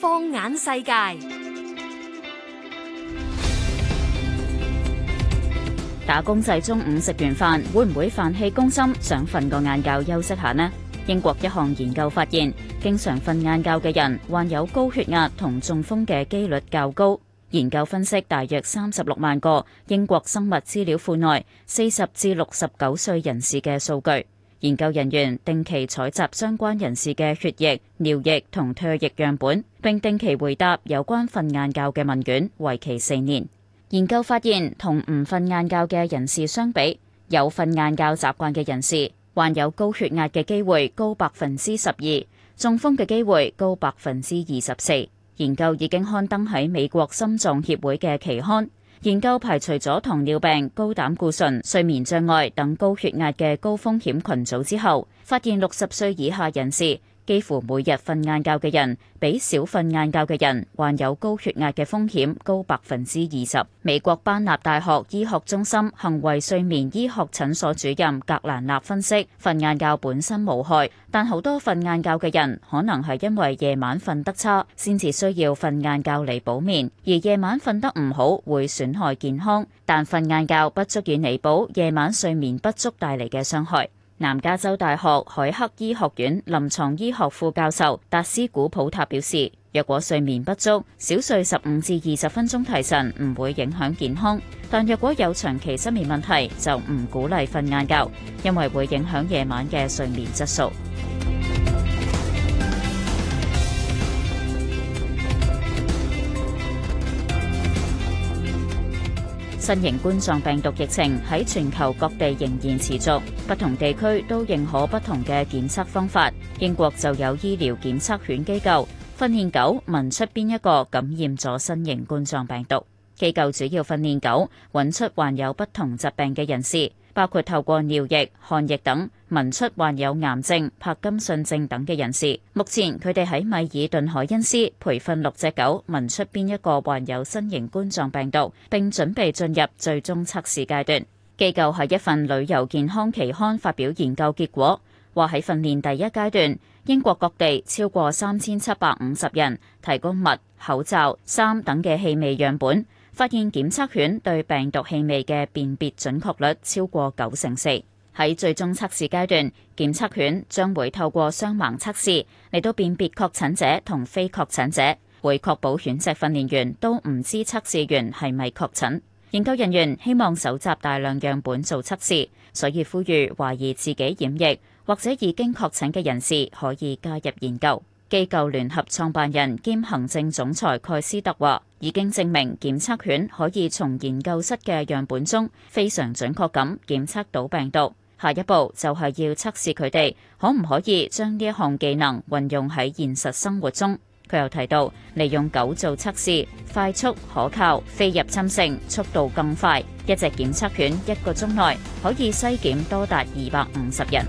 放眼世界，打工仔中午食完飯會唔會飯氣攻心，想瞓個晏覺休息下呢？英國一項研究發現，經常瞓晏覺嘅人患有高血壓同中風嘅幾率較高。研究分析大約三十六萬個英國生物資料庫內四十至六十九歲人士嘅數據。研究人員定期採集相關人士嘅血液、尿液同唾液樣本，並定期回答有關瞓晏覺嘅問卷，為期四年。研究發現，同唔瞓晏覺嘅人士相比，有瞓晏覺習慣嘅人士患有高血壓嘅機會高百分之十二，中風嘅機會高百分之二十四。研究已經刊登喺美國心臟協會嘅期刊。研究排除咗糖尿病、高膽固醇、睡眠障礙等高血壓嘅高風險群組之後，發現六十歲以下人士，幾乎每日瞓晏覺嘅人，比少瞓晏覺嘅人患有高血壓嘅風險高百分之二十。美國班納大學醫學中心行為睡眠醫學診所主任格蘭納分析：瞓晏覺本身無害，但好多瞓晏覺嘅人可能係因為夜晚瞓得差，先至需要瞓晏覺嚟補眠。而夜晚瞓得唔好會損害健康，但瞓晏覺不足以彌補夜晚睡眠不足帶嚟嘅傷害。南加州大學海克醫學院臨床醫學副教授達斯古普塔表示，若果睡眠不足，小睡十五至二十分鐘提神唔會影響健康，但若果有長期失眠問題，就唔鼓勵瞓晏覺，因為會影響夜晚嘅睡眠質素。新型冠狀病毒疫情喺全球各地仍然持續，不同地區都認可不同嘅檢測方法。英國就有醫療檢測犬機構，訓練狗聞出邊一個感染咗新型冠狀病毒。機構主要訓練狗，揾出患有不同疾病嘅人士。包括透過尿液、汗液等聞出患有癌症、柏金遜症等嘅人士。目前佢哋喺米爾頓海恩斯培訓六隻狗聞出邊一個患有新型冠狀病毒，並準備進入最終測試階段。機構喺一份旅遊健康期刊發表研究結果，話喺訓練第一階段，英國各地超過三千七百五十人提供衣物、口罩、衫等嘅氣味樣本。發現檢測犬對病毒氣味嘅辨別準確率超過九成四。喺最終測試階段，檢測犬將會透過雙盲測試嚟到辨別確診者同非確診者，會確保犬隻訓練員都唔知測試員係咪確診。研究人員希望搜集大量樣本做測試，所以呼籲懷疑自己染疫或者已經確診嘅人士可以加入研究。機構聯合創辦人兼行政總裁蓋斯特話。已經證明檢測犬可以從研究室嘅樣本中非常準確咁檢測到病毒。下一步就係要測試佢哋可唔可以將呢一項技能運用喺現實生活中。佢又提到，利用狗做測試，快速可靠、非入侵性、速度更快，一隻檢測犬一個鐘內可以篩檢多達二百五十人。